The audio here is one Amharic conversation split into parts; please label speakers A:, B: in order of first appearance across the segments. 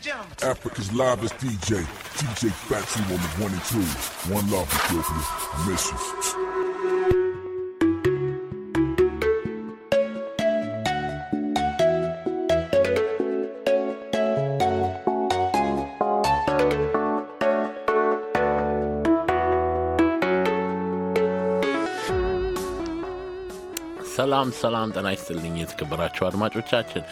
A: gentlemen. Africa's livest DJ, DJ Fatsy on the one and two. One love, Ethiopia. Miss you.
B: ሰላም ሰላም፣ ጠና ይስጥልኝ የተከበራችሁ አድማጮቻችን፣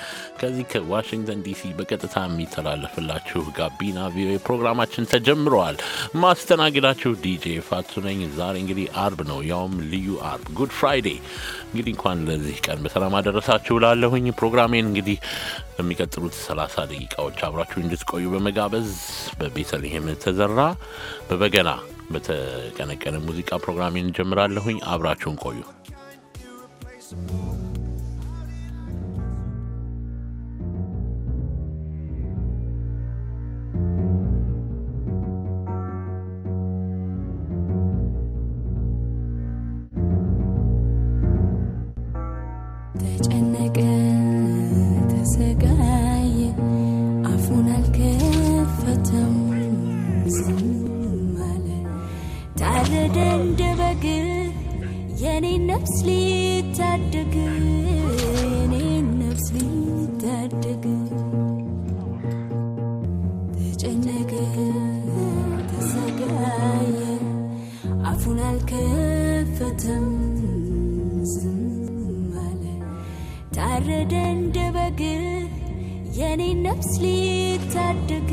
B: ከዚህ ከዋሽንግተን ዲሲ በቀጥታ የሚተላለፍላችሁ ጋቢና ቪኦኤ ፕሮግራማችን ተጀምረዋል። ማስተናግዳችሁ ዲጄ ፋቱ ነኝ። ዛሬ እንግዲህ አርብ ነው፣ ያውም ልዩ አርብ ጉድ ፍራይዴ። እንግዲህ እንኳን ለዚህ ቀን በሰላም አደረሳችሁ ላለሁኝ ፕሮግራሜን እንግዲህ በሚቀጥሉት 30 ደቂቃዎች አብራችሁ እንድትቆዩ በመጋበዝ በቤተልሔም ተዘራ በበገና በተቀነቀነ ሙዚቃ ፕሮግራሜን እንጀምራለሁኝ። አብራችሁን ቆዩ። possible.
C: የኔ ነፍስ ሊታደግ የኔ ነፍስ ሊታደግ ተጨነቀ ተሰጋየ አፉን አልከፈተም ታረደ እንደ በግ የኔ ነፍስ ሊታደግ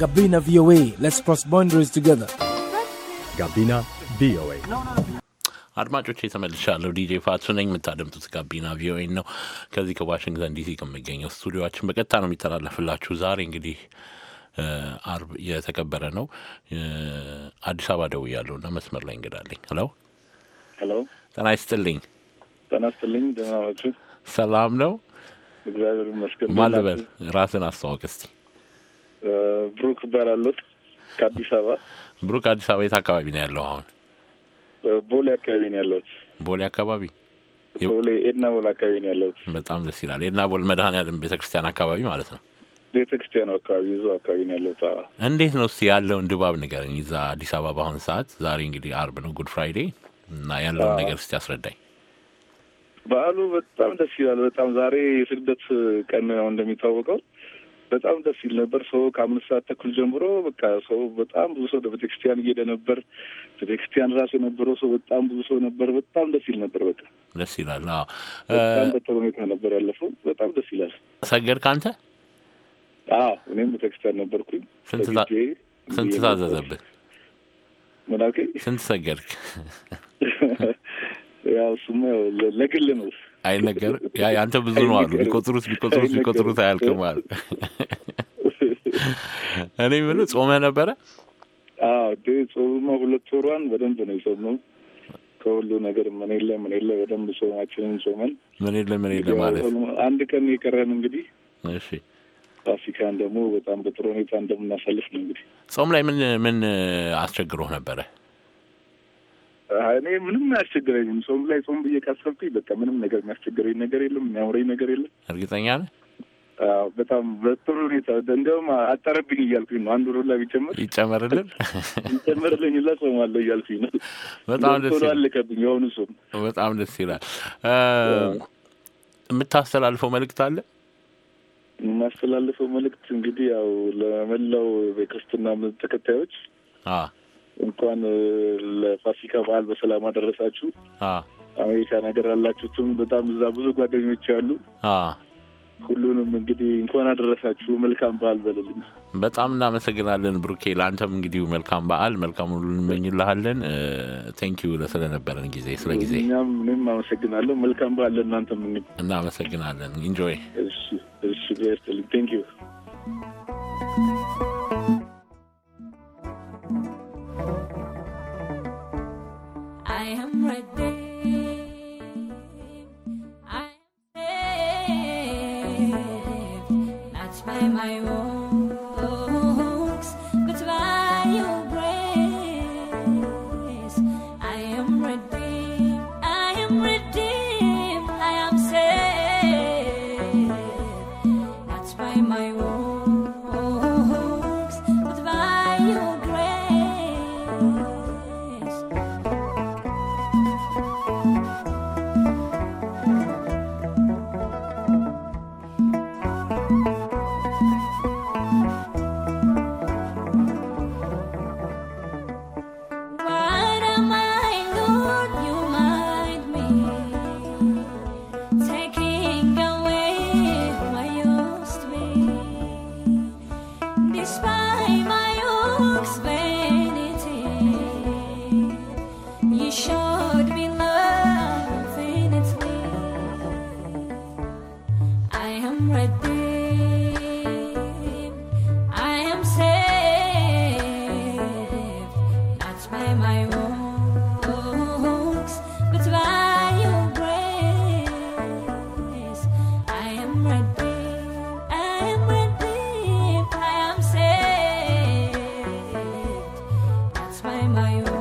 D: Gabina VOA, let's cross boundaries together.
B: Gabina VOA. No, አድማጮች የተመልሻለሁ። ዲጄ ፋቱ ነኝ። የምታደምጡት ጋቢና ቪኦኤ ነው። ከዚህ ከዋሽንግተን ዲሲ ከሚገኘው ስቱዲዮችን በቀጥታ ነው የሚተላለፍላችሁ። ዛሬ እንግዲህ አርብ የተከበረ ነው። አዲስ አበባ ደውያለሁ እና መስመር ላይ እንግዳለኝ። ሄሎ ሄሎ፣ ጤና ይስጥልኝ።
E: ጤና ይስጥልኝ። ደህና ሰላም ነው፣ እግዚአብሔር ይመስገን። ማን
B: ራስን አስተዋወቅ እስቲ።
E: ብሩክ ይባላሉት ከአዲስ አበባ።
B: ብሩክ፣ አዲስ አበባ የት አካባቢ ነው ያለው አሁን?
E: ቦሌ አካባቢ ነው ያለሁት። ቦሌ አካባቢ ቦሌ ኤድና ቦል አካባቢ ነው ያለሁት።
B: በጣም ደስ ይላል። ኤድና ቦል መድኃኔዓለም ቤተ ክርስቲያን አካባቢ ማለት ነው።
E: ቤተ ክርስቲያኑ አካባቢ እዛው አካባቢ ነው ያለሁት።
B: እንዴት ነው እስኪ ያለውን ድባብ ንገረኝ። እዛ አዲስ አበባ በአሁን ሰዓት ዛሬ እንግዲህ አርብ ነው ጉድ ፍራይዴ እና ያለውን ነገር እስቲ አስረዳኝ።
E: በዓሉ በጣም ደስ ይላል። በጣም ዛሬ የስግደት ቀን ነው እንደሚታወቀው በጣም ደስ ይል ነበር። ሰው ከአምስት ሰዓት ተኩል ጀምሮ በቃ ሰው በጣም ብዙ ሰው ቤተክርስቲያን እየሄደ ነበር። ቤተክርስቲያን ራሱ የነበረው ሰው በጣም ብዙ ሰው ነበር። በጣም ደስ ይል ነበር። በቃ
B: ደስ ይላል። በጣም
E: በጥሩ ሁኔታ ነበር ያለፈው። በጣም ደስ ይላል። ሰገድ ከአንተ? አዎ እኔም ቤተክርስቲያን ነበርኩኝ።
B: ስንት ታዘዘብህ? ምን ስንት ሰገድክ?
E: ያው እሱማ ለግል ነው
B: አይነገር ያንተ ብዙ ነው አሉ ቢቆጥሩት ቢቆጥሩት ቢቆጥሩት አያልቅም አሉ። እኔ ምን ጾመ ነበረ?
E: አዎ ሁለት ወሯን በደንብ ነው የጾመው ከሁሉ ነገር ምን የለ ምን የለ በደንብ ጾማችንን ጾመን
B: ምን የለ ምን የለ ማለት
E: አንድ ቀን የቀረን እንግዲህ። እሺ ፋሲካን ደግሞ በጣም በጥሩ ሁኔታ እንደምናሳልፍ ነው እንግዲህ።
B: ጾም ላይ ምን ምን አስቸግሮህ ነበረ?
E: እኔ ምንም አያስቸግረኝም። ጾም ላይ ጾም ብዬ ካሰብኩኝ በቃ ምንም ነገር የሚያስቸግረኝ ነገር የለም፣ የሚያምረኝ ነገር የለም። እርግጠኛ ነህ? በጣም በጥሩ ሁኔታ እንደውም አጠረብኝ እያልኩኝ ነው። አንድ ወር ላይ ቢጨምር ይጨመርልን ይጨመርልኝ ላ ጾማለሁ እያልኩኝ ነው። በጣም ደስ አለቀብኝ። የሆኑ ጾም
B: በጣም ደስ ይላል። የምታስተላልፈው መልእክት አለ?
E: የማስተላልፈው መልእክት እንግዲህ ያው ለመላው የክርስትና እምነት ተከታዮች እንኳን ለፋሲካ በዓል በሰላም አደረሳችሁ። አሜሪካ ነገር አላችሁትም በጣም እዛ ብዙ ጓደኞች ያሉ ሁሉንም እንግዲህ እንኳን አደረሳችሁ። መልካም በዓል በልልኝ።
B: በጣም እናመሰግናለን ብሩኬ። ለአንተም እንግዲህ መልካም በዓል መልካም ሁሉ እንመኝልሃለን። ቴንኪዩ ስለነበረን ጊዜ ስለ ጊዜ
E: እኛም እኔም አመሰግናለሁ። መልካም በዓል ለእናንተም።
B: እናመሰግናለን። ኢንጆይ። እሺ፣
E: እሺ። ቴንኪዩ
F: my own. explain my own.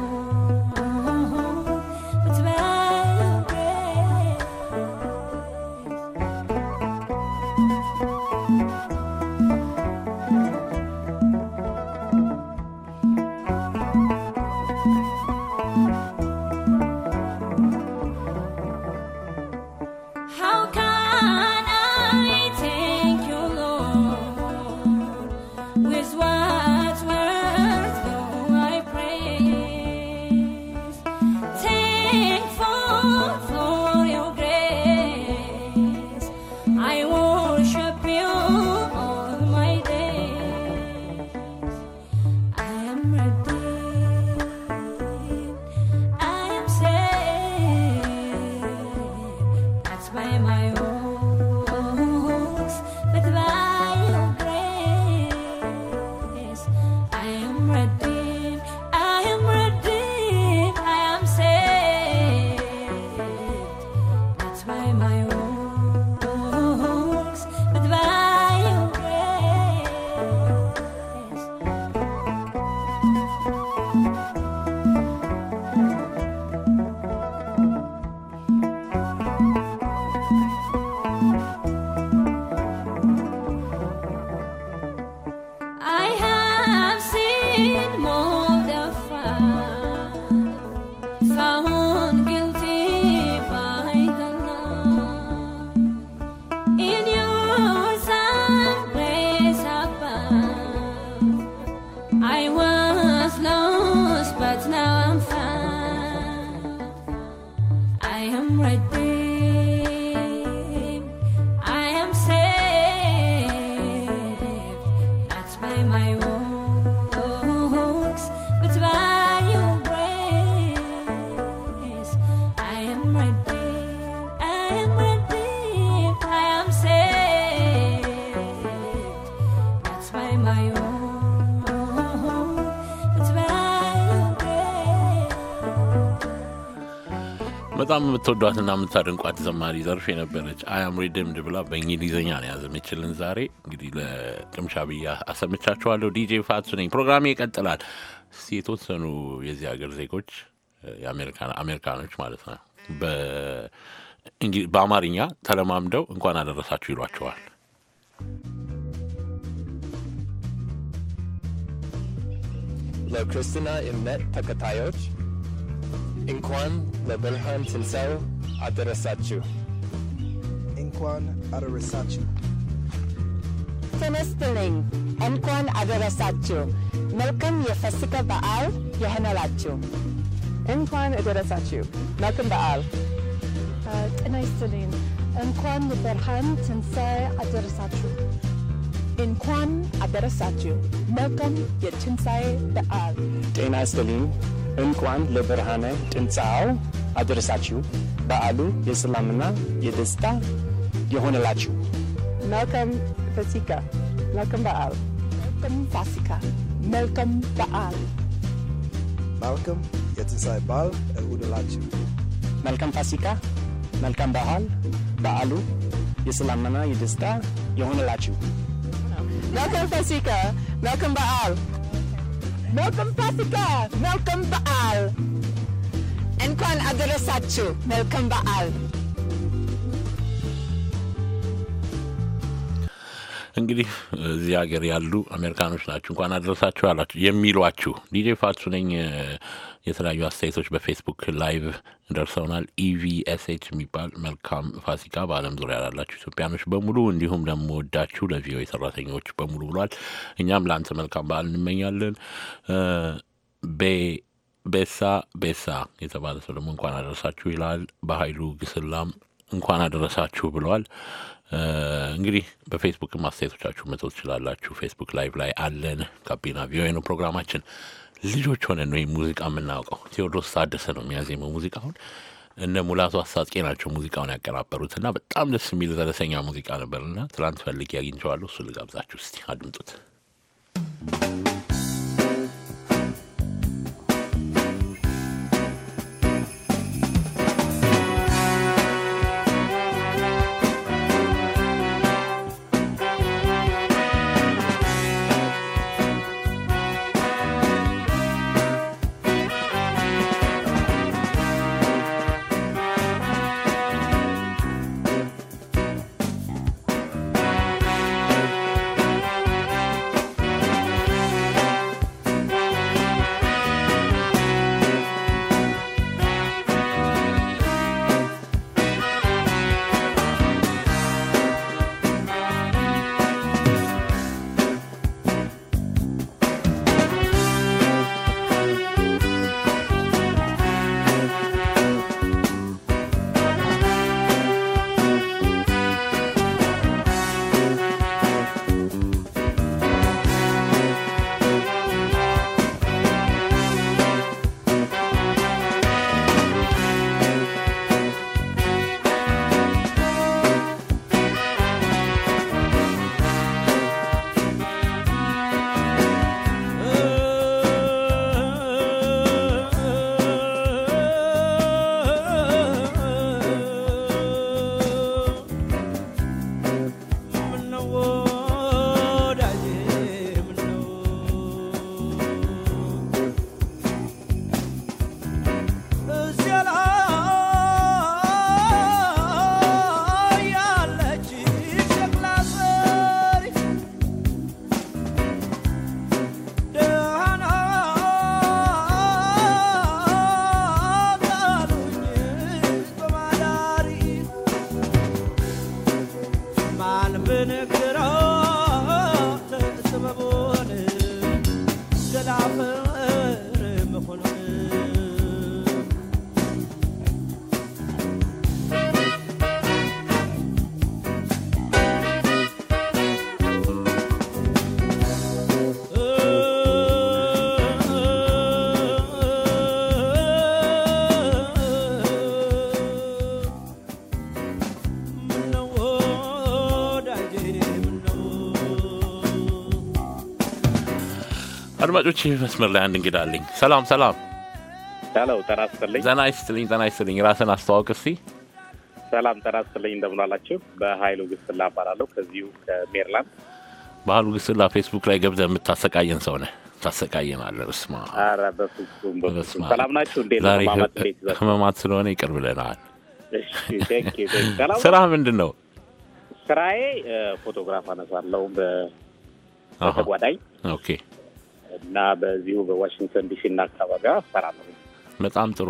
B: በጣም የምትወዷትና የምታደንቋት ዘማሪ ዘርፍ የነበረች አያም ሪድምድ ብላ በእንግሊዝኛ ነው ያዘመችልን። ዛሬ እንግዲህ ለቅምሻ ብያ አሰምቻችኋለሁ። ዲጄ ፋቱ ነኝ። ፕሮግራሜ ይቀጥላል። እስቲ የተወሰኑ የዚህ ሀገር ዜጎች አሜሪካኖች ማለት ነው በአማርኛ ተለማምደው እንኳን አደረሳችሁ ይሏቸዋል። ለክርስትና እምነት ተከታዮች Inquan
D: Lebelhan Tinsel Aderesachu. Inquan Aderesachu. Tenesteling Inquan Aderesachu. Melkam Yefasika Baal Yehenalachu. Inquan Aderesachu. Melkam Baal.
E: Tenesteling Inquan Lebelhan Tinsel Aderesachu. Inquan Aderesachu. Melkam Yechinsai Baal.
D: Tenesteling. እንኳን ለብርሃነ ትንሣኤው አደረሳችሁ። በዓሉ የሰላምና የደስታ የሆነላችሁ። መልካም ፋሲካ። መልካም በዓል። መልካም ፋሲካ። መልካም በዓል።
G: መልካም የትንሣኤ በዓል ይሁንላችሁ።
D: መልካም ፋሲካ። መልካም በዓል። በዓሉ የሰላምና የደስታ የሆነላችሁ። መልካም ፋሲካ። መልካም በዓል መልካም ፋሲካ፣ መልከም በዓል። እንኳን አደረሳችሁ። መልካም በዓል።
B: እንግዲህ እዚህ ሀገር ያሉ አሜሪካኖች ናችሁ እንኳን አደረሳችሁ አላችሁ የሚሏችሁ ዲጄ ፋቱ ነኝ። የተለያዩ አስተያየቶች በፌስቡክ ላይቭ ደርሰውናል። ኢቪኤስኤች e የሚባል መልካም ፋሲካ በዓለም ዙሪያ ላላችሁ ኢትዮጵያኖች በሙሉ እንዲሁም ለምወዳችሁ ለቪኦኤ ሰራተኞች በሙሉ ብሏል። እኛም ለአንተ መልካም በዓል እንመኛለን። ቤሳ ቤሳ የተባለ ሰው ደግሞ እንኳን አደረሳችሁ ይላል። በሀይሉ ግስላም እንኳን አደረሳችሁ ብለል። እንግዲህ በፌስቡክም አስተያየቶቻችሁ መተው ትችላላችሁ። ፌስቡክ ላይቭ ላይ አለን። ጋቢና ቪኦኤ ነው ፕሮግራማችን። ልጆች ሆነን ነው ሙዚቃ የምናውቀው። ቴዎድሮስ ታደሰ ነው የሚያዜመው ሙዚቃውን። እነ ሙላቱ አስታጥቄ ናቸው ሙዚቃውን ያቀናበሩት እና በጣም ደስ የሚል ዘለሰኛ ሙዚቃ ነበር እና ትላንት ፈልጌ አግኝቼዋለሁ። እሱ ልጋብዛችሁ እስቲ አድምጡት። አድማጮች መስመር ላይ አንድ እንግዳ አለኝ። ሰላም ሰላም። ጤና ይስጥልኝ። ዘና ይስጥልኝ። ዘና ይስጥልኝ። ራስን አስተዋውቅ እስኪ።
H: ሰላም ጤና ይስጥልኝ። እንደምን አላችሁ? በሀይሉ ግስላ እባላለሁ ከዚሁ ከሜሪላንድ።
B: በሀይሉ ግስላ ፌስቡክ ላይ ገብተህ የምታሰቃየን ሰው ነህ። ታሰቃየናለህ። በስመ
H: አብ። ሰላም ናችሁ? እንዴት ነው? ህመማት
B: ስለሆነ ይቅር ብለናል። ስራ ምንድን ነው?
H: ስራዬ ፎቶግራፍ አነሳለሁ
B: በተጓዳኝ ኦኬ
H: እና በዚሁ በዋሽንግተን ዲሲ እና አካባቢዋ እሰራለሁ።
B: በጣም ጥሩ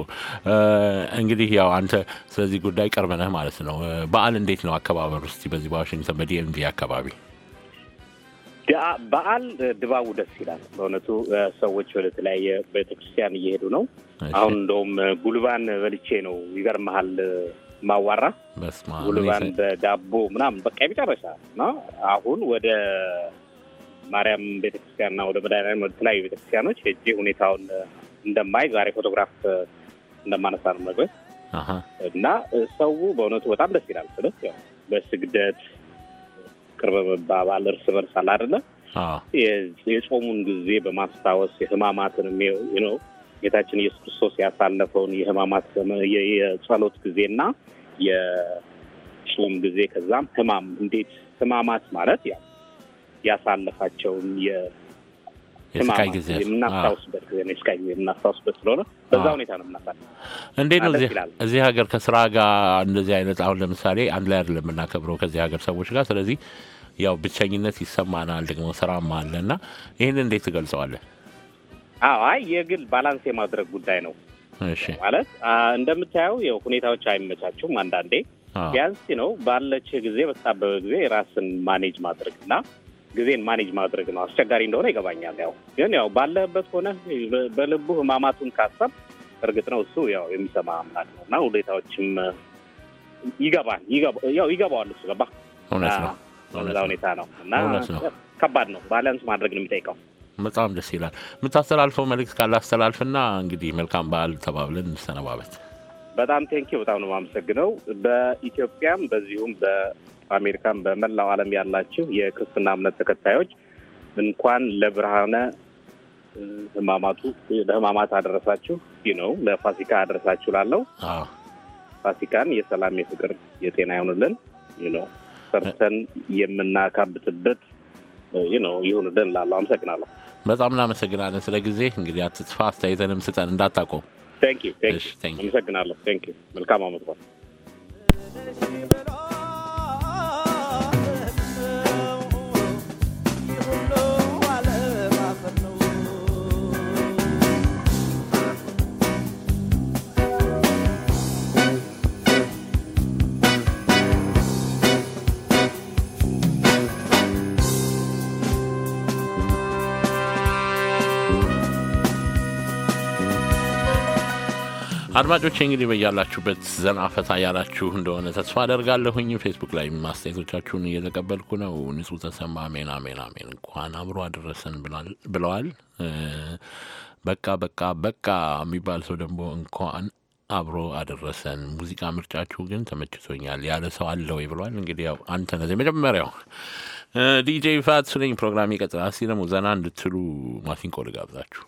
B: እንግዲህ ያው አንተ ስለዚህ ጉዳይ ቀርበነህ ማለት ነው። በዓል እንዴት ነው አከባበሩ? እስኪ በዚህ በዋሽንግተን በዲኤምቪ አካባቢ
H: በዓል ድባቡ ደስ ይላል በእውነቱ። ሰዎች ወደ ተለያየ ቤተክርስቲያን እየሄዱ ነው። አሁን እንደውም ጉልባን በልቼ ነው ይገርመሃል ማዋራ ጉልባን በዳቦ ምናምን በቃ የመጨረሻ እና አሁን ወደ ማርያም ቤተክርስቲያንና ወደ መድኃኔዓለም ወደ ተለያዩ ቤተክርስቲያኖች እጅ ሁኔታውን እንደማይ ዛሬ ፎቶግራፍ እንደማነሳ ነው መግበት እና ሰው በእውነቱ በጣም ደስ ይላል። ስለ በስግደት ቅርብ መባባል እርስ በርስ አለ አደለ የጾሙን ጊዜ በማስታወስ የህማማትን ነው ጌታችን ኢየሱስ ክርስቶስ ያሳለፈውን የህማማት የጸሎት ጊዜና የጾም ጊዜ ከዛም ህማም እንዴት ህማማት ማለት ያው ያሳለፋቸውን
B: የስቃይ ጊዜ የምናስታውስበት
H: ጊዜ ነው። የስቃይ ጊዜ የምናስታውስበት ስለሆነ በዛ ሁኔታ ነው የምናሳል። እንዴት ነው
B: እዚህ ሀገር ከስራ ጋር እንደዚህ አይነት አሁን ለምሳሌ አንድ ላይ አይደለም የምናከብረው ከዚህ ሀገር ሰዎች ጋር። ስለዚህ ያው ብቸኝነት ይሰማናል፣ ደግሞ ስራም አለ እና ይህን እንዴት ትገልጸዋለን?
H: አይ የግል ባላንስ የማድረግ ጉዳይ ነው። ማለት እንደምታየው ያው ሁኔታዎች አይመቻችሁም። አንዳንዴ ቢያንስ ነው ባለች ጊዜ በተጣበበ ጊዜ ራስን ማኔጅ ማድረግ እና ጊዜን ማኔጅ ማድረግ ነው። አስቸጋሪ እንደሆነ ይገባኛል። ያው ግን ያው ባለህበት ሆነ በልቡ ህማማቱን ካሰብ እርግጥ ነው እሱ ያው የሚሰማ አምላክ ነው እና ሁኔታዎችም ይገባል ያው ይገባዋል እሱ ገባ
B: እውነት ነው። ሁኔታ ነው እና
H: ከባድ ነው። ባላንስ ማድረግ ነው የሚጠይቀው።
B: በጣም ደስ ይላል። የምታስተላልፈው መልእክት ካላስተላልፍና እንግዲህ መልካም በዓል ተባብለን እንሰነባበት።
H: በጣም ቴንኪ በጣም ነው የማመሰግነው። በኢትዮጵያም በዚሁም በአሜሪካም በመላው ዓለም ያላችሁ የክርስትና እምነት ተከታዮች እንኳን ለብርሃነ ህማማቱ ለህማማት አደረሳችሁ ነው ለፋሲካ አደረሳችሁ ላለው ፋሲካን የሰላም የፍቅር የጤና ይሆንልን ነው ሰርተን የምናካብትበት ነው ይሁንልን ላለው አመሰግናለሁ።
B: በጣም እናመሰግናለን ስለ ጊዜ እንግዲህ አትጥፋ፣ አስተያየተንም ስጠን እንዳታቆም
H: አመሰግናለሁ። መልካም አመት
B: አድማጮች እንግዲህ በያላችሁበት ዘና ፈታ ያላችሁ እንደሆነ ተስፋ አደርጋለሁኝ። ፌስቡክ ላይ ማስተያየቶቻችሁን እየተቀበልኩ ነው። ንጹህ ተሰማ ሜና ሜና ሜን እንኳን አብሮ አደረሰን ብለዋል። በቃ በቃ በቃ የሚባል ሰው ደግሞ እንኳን አብሮ አደረሰን። ሙዚቃ ምርጫችሁ ግን ተመችቶኛል ያለ ሰው አለ ወይ ብለዋል። እንግዲህ ያው አንተ ነህ የመጀመሪያው ዲጄ ፋት ስለኝ ፕሮግራም ይቀጥላል። እስኪ ደግሞ ዘና እንድትሉ ማሲንቆ ልጋብዛችሁ።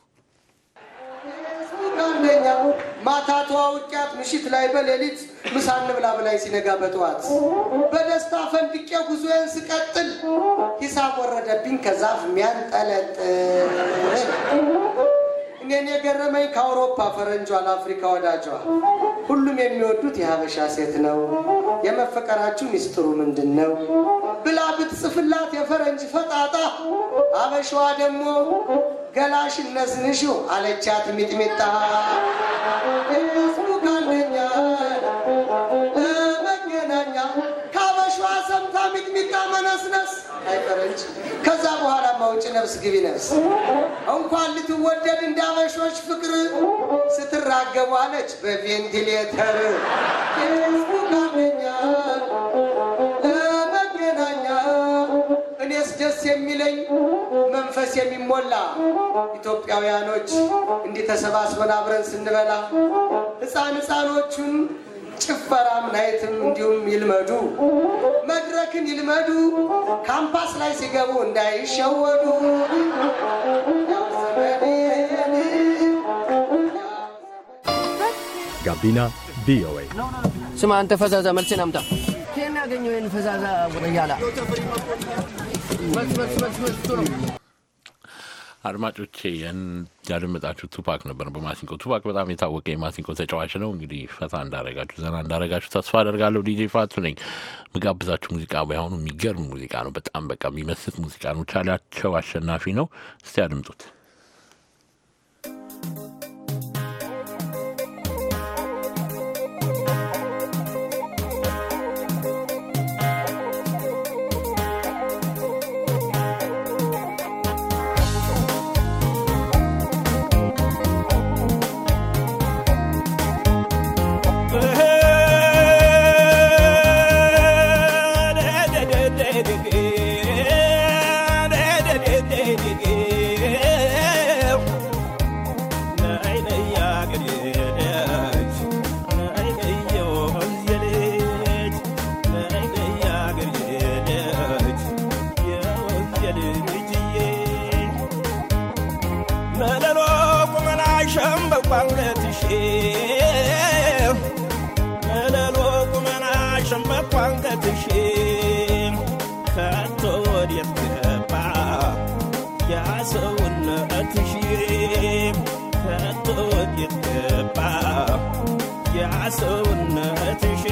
G: ማታ ተዋውቂያት ምሽት ላይ በሌሊት ምሳ እንብላ ብላኝ ሲነጋ በጠዋት በደስታ ፈንድቄ ጉዞዬን ስቀጥል ሂሳብ ወረደብኝ ከዛፍ ሚያንጠለጥ ግን የገረመኝ ከአውሮፓ ፈረንጇ ለአፍሪካ ወዳጇ ሁሉም የሚወዱት የሀበሻ ሴት ነው፣ የመፈቀራችሁ ሚስጥሩ ምንድን ነው ብላ ብትጽፍላት የፈረንጅ ፈጣጣ አበሻዋ ደግሞ ገላሽ እነስንሽው አለቻት ሚጥሚጣ መነስነስ አይፈረንጅ። ከዛ በኋላ ማውጭ ነፍስ ግቢ ነፍስ እንኳን ልትወደድ እንዳበሾች ፍቅር ስትራገቡ አለች በቬንቲሌተር ፌስቡ ለመገናኛ እኔስ ደስ የሚለኝ መንፈስ የሚሞላ ኢትዮጵያውያኖች እንዲህ ተሰባስበን አብረን ስንበላ ህፃን ህፃኖቹን! ጭፈራ ናይትም እንዲሁም ይልመዱ፣ መድረክን ይልመዱ፣ ካምፓስ ላይ ሲገቡ እንዳይሸወዱ።
D: ጋቢና
B: ቪኦኤ።
G: ስማ አንተ ፈዛዛ፣ መልሴን አምጣ። ያገኘው ይህን ፈዛዛ ወደያላ
B: አድማጮቼ ያደመጣችሁ ቱፓክ ነበር በማሲንቆ ቱፓክ በጣም የታወቀ የማሲንቆ ተጫዋች ነው። እንግዲህ ፈታ እንዳረጋችሁ ዘና እንዳረጋችሁ ተስፋ አደርጋለሁ። ዲጄ ፋቱ ነኝ። ምጋብዛችሁ ሙዚቃ ባይሆኑ የሚገርም ሙዚቃ ነው። በጣም በቃ የሚመስጥ ሙዚቃ ነው። ቻላቸው አሸናፊ ነው። እስቲ አድምጡት።
A: دقيق ሰውነትሽ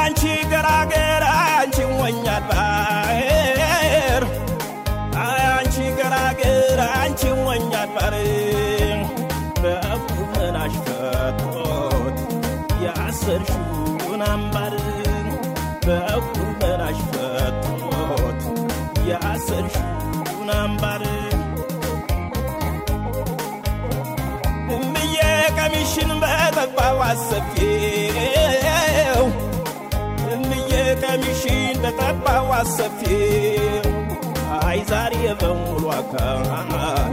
A: አንቺ ገራገር አንቺ ወኛ አልባ አንቺ ገራገር አንቺ በቁመናሽ ያሰርሽውን አምባር በቁመናሽ ያሰርሽውን አምባር ቀሚሽን በጠባብ አሰፊው እንዬ ቀሚሽን በጠቋው አሰፊው አይ ዛሬ በሙሉ አካል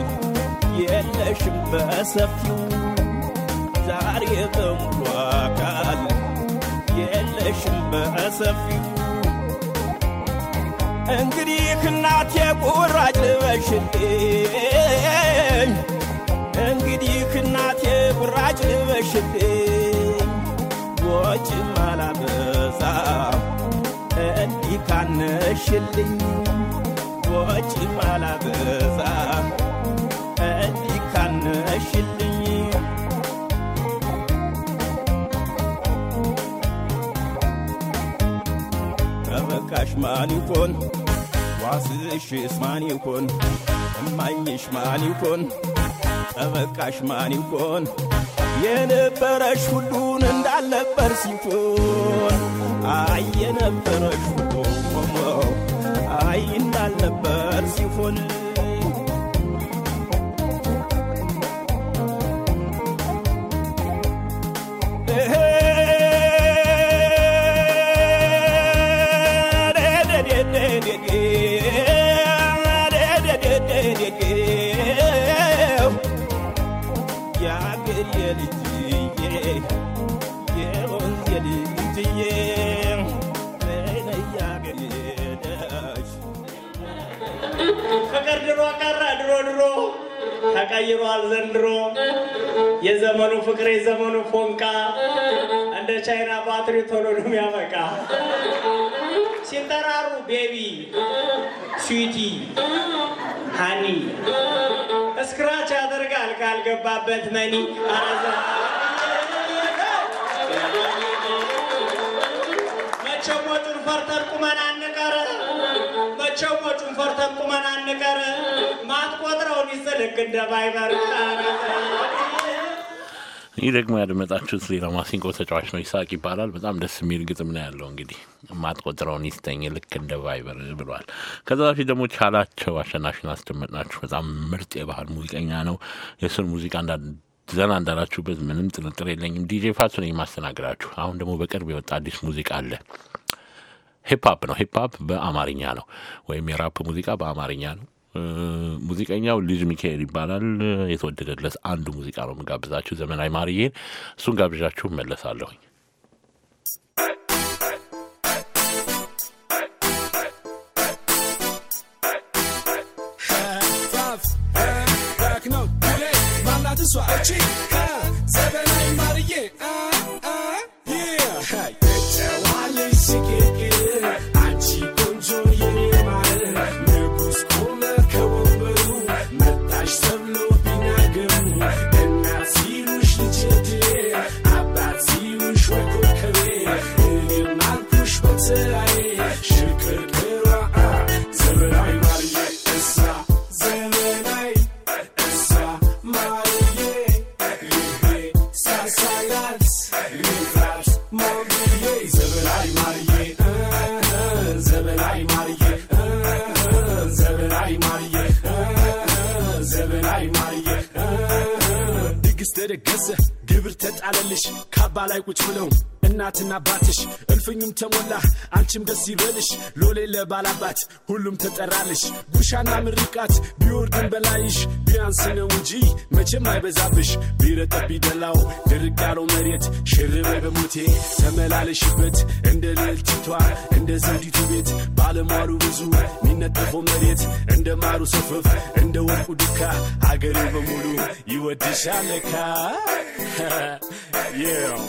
A: የለሽም በሰፊው ዛሬ በሙሉ አካል የለሽም በሰፊው እንግዲህ እናቴ ቁራጭ ልበሽልኝ እንግዲህ እናቴ ቁራጭ ልበሽልኝ ወጭም አላበዛም እንዲህ ካነሽልኝ ወጭም አላበዛም እንዲህ ካነሽልኝ ተበቃሽ ማን ይኮን ዋስሽስ ማን ይኮን እማኝሽ ማን ይኮን ተበቃሽ ማን ይኮን የነበረሽ ሁሉን እንዳልነበር ሲሆን አይ የነበረሽ ሁሉ አይ እንዳልነበር ሲሆን ፍቅር ድሮ ቀረ ድሮ ድሮ ተቀይሯል ዘንድሮ የዘመኑ ፍቅር የዘመኑ ፎንቃ እንደ ቻይና ባትሪ ቶሎ ነው የሚያበቃ። ሲጠራሩ ቤቢ ስዊቲ ሃኒ እስክራች ያደርጋል ካልገባበት መኒ አረዘ መቸሞ ጥንፈርተን ቁመና ደግሞ ጭንፈርተን ቁመን አንቀር ማትቆጥረውን ይስልክ እንደ ባይበር
B: ይህ ደግሞ ያደመጣችሁት ሌላ ማሲንቆ ተጫዋች ነው፣ ይሳቅ ይባላል። በጣም ደስ የሚል ግጥም ነው ያለው። እንግዲህ ማትቆጥረውን ይስተኝ ልክ እንደ ቫይበር ብሏል። ከዛ በፊት ደግሞ ቻላቸው አሸናፊን አስደመጥናችሁ። በጣም ምርጥ የባህል ሙዚቀኛ ነው። የእሱን ሙዚቃ ዘና እንዳላችሁበት ምንም ጥርጥር የለኝም። ዲጄ ፋቱ ነኝ ማስተናግዳችሁ። አሁን ደግሞ በቅርብ የወጣ አዲስ ሙዚቃ አለ። ሂፕሀፕ ነው። ሂፕሀፕ በአማርኛ ነው ወይም የራፕ ሙዚቃ በአማርኛ ነው። ሙዚቀኛው ልጅ ሚካኤል ይባላል። የተወደደለት አንዱ ሙዚቃ ነው የምጋብዛችሁ፣ ዘመናዊ ማርዬን። እሱን ጋብዣችሁ መለሳለሁኝ።
D: ዘመናዊ ማርዬ ገሰ ግብር ተጣለልሽ ካባ ላይ ቁጭ ብለው እናትና አባትሽ እልፍኙም ተሞላ አንቺም ደስ ይበልሽ ሎሌ ለባላባት ሁሉም ተጠራልሽ ጉሻና ምርቃት ቢወርድን በላይሽ ቢያንስ ነው እንጂ መቼም አይበዛብሽ ቢረጠ ቢደላው ድርቅ ያለው መሬት ሽርበይ በሞቴ ተመላለሽበት እንደ ልዕልቲቷ እንደ ዘውዲቱ ቤት ባለሟሉ ብዙ ሚነጠፎ መሬት እንደ ማሩ ሰፈፍ እንደ ወርቁ ዱካ አገሬ በሙሉ ይወድሻለካ yeah.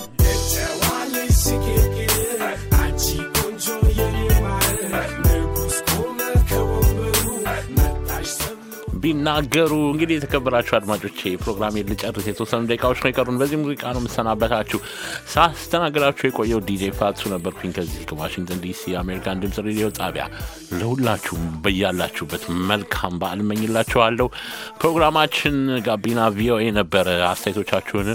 D: Sikirki
B: እንዲናገሩ። እንግዲህ የተከበራችሁ አድማጮቼ ፕሮግራሜ ልጨርስ የተወሰኑ ደቂቃዎች ነው የቀሩን። በዚህ ሙዚቃ ነው የምሰናበታችሁ። ሳስተናግዳችሁ የቆየው ዲጄ ፋቱ ነበርኩኝ ከዚህ ከዋሽንግተን ዲሲ የአሜሪካን ድምፅ ሬዲዮ ጣቢያ። ለሁላችሁም በያላችሁበት መልካም በዓል እመኝላችኋለሁ። ፕሮግራማችን ጋቢና ቪኦኤ ነበረ። አስተያየቶቻችሁን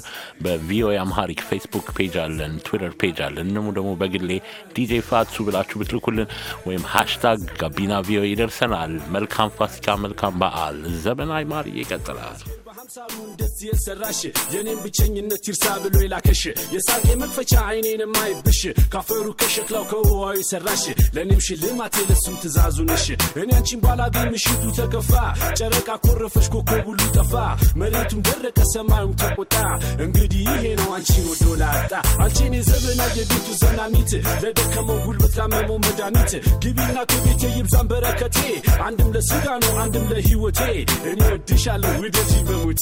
B: በቪኦኤ አምሃሪክ ፌስቡክ ፔጅ አለን፣ ትዊተር ፔጅ አለን። እንሙ ደግሞ በግሌ ዲጄ ፋቱ ብላችሁ ብትልኩልን ወይም ሃሽታግ ጋቢና ቪኦኤ ይደርሰናል። መልካም ፋሲካ፣ መልካም በዓል ዘመናዊ ማር ይቀጥላል።
D: አምሳሉን ደስ የሰራሽ የኔን ብቸኝነት ይርሳ ብሎ የላከሽ የሳቄ መክፈቻ አይኔን ማይብሽ ካፈሩ ከሸክላው ከውሃዊ ሰራሽ ለእኔም ሽልማት የለሱም ትእዛዙ ነሽ እኔ አንቺን ባላገኝ ምሽቱ ተከፋ ጨረቃ ኮረፈሽ ኮከብ ሁሉ ጠፋ መሬቱም ደረቀ ሰማዩም ተቆጣ እንግዲህ ይሄ ነው አንቺን ወዶ ላጣ አንቺን የዘበና የቤቱ ዘናሚት ለደከመው ጉልበት ላመመው መድኃኒት ግቢና ከቤቴ ይብዛን በረከቴ አንድም ለስጋ ነው አንድም ለህይወቴ እኔ ወድሻለሁ ውደጂ በሞቴ